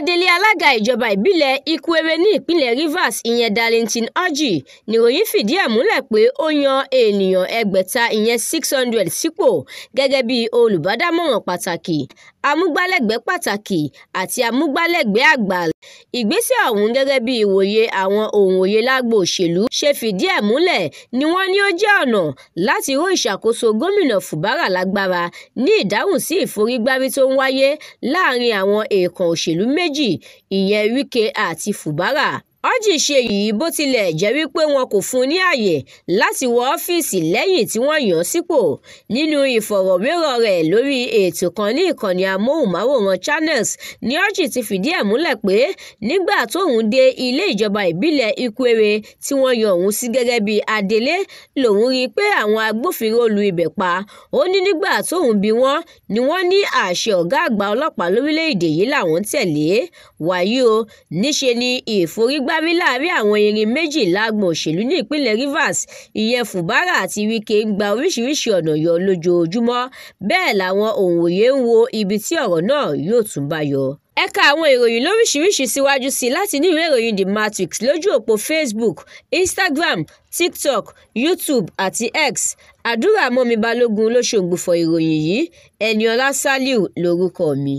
adelé alága ìjọba ìbílẹ̀ ìkúrẹ́rẹ́ ní ìpínlẹ̀ rivers ìyẹn darlington orji nìròyìn fìdí ẹ̀ múlẹ̀ pé ó yan ènìyàn ẹgbẹ̀ta ìyẹn six hundred sípò gẹ́gẹ́ bí olùbádámọ̀ràn pàtàkì amúgbálẹ́gbẹ̀ẹ́ pàtàkì àti amúgbálẹ́gbẹ̀ẹ́ àgbà ìgbésẹ̀ ọ̀hún gẹ́gẹ́ bí ìwòye àwọn òǹwòye lágbo òṣèlú ṣe fìdí ẹ̀ múlẹ̀ ni wọ́n ní ó jẹ́ ọ̀nà láti ró ìṣàkóso gómìnà fubara lágbára ní ìdáhùn sí ìforígbárí tó ń wáyé láàrin àwọn èèkàn òṣèlú méjì méjì, ìyẹn Wike àti Fubara. Orji ṣe èyí bó tilẹ̀ jẹ́ wípé wọn kò fún un ní àyè láti wọ ọ́fíìsì lẹ́yìn tí wọ́n yàn án sípò, nínú ìfọ̀rọ̀wérọ̀ rẹ̀ lórí ètò kan ní ìkànnì amóhùnmáwòrán Channels ni Orji ti fìdí ẹ̀ múlẹ̀ pé nígbà tóun dé ilé ìjọba ìbílẹ̀ Ìkwéré tí wọ́n yan òun sí gẹ́gẹ́ bí adelé lòun rí i pé àwọn agbófinró lu ibẹ̀ pa, ó ní nígbà tóun bi wọ́n ni wọ́n ní àṣẹ ọ̀gá àgbà ọlọ́pàá lórílẹ̀-èdè yìí làwọn ń tẹ̀lé. Wàyí gbárí láàrin àwọn erin méjì lágbọ̀n òṣèlú ní ìpínlẹ̀ Rivers ìyẹn Fubara àti Wike ń gba oríṣiríṣi ọ̀nà yọ lójoojúmọ́ bẹ́ẹ̀ làwọn òǹwòye ń wo ibi tí ọ̀rọ̀ náà yóò tún bá yọ. Ẹ àwọn ìròyìn lóríṣiríṣi síwájú sí i láti ní ìwé ìròyìn The Matrix lójú òpó Facebook, Instagram, TikTok, YouTube àti X. Àdúrà mọ́mi balógun ló ṣòǹgbùfọ̀ ìròyìn yìí, Ẹniọlá Sálíù lórúkọ mi.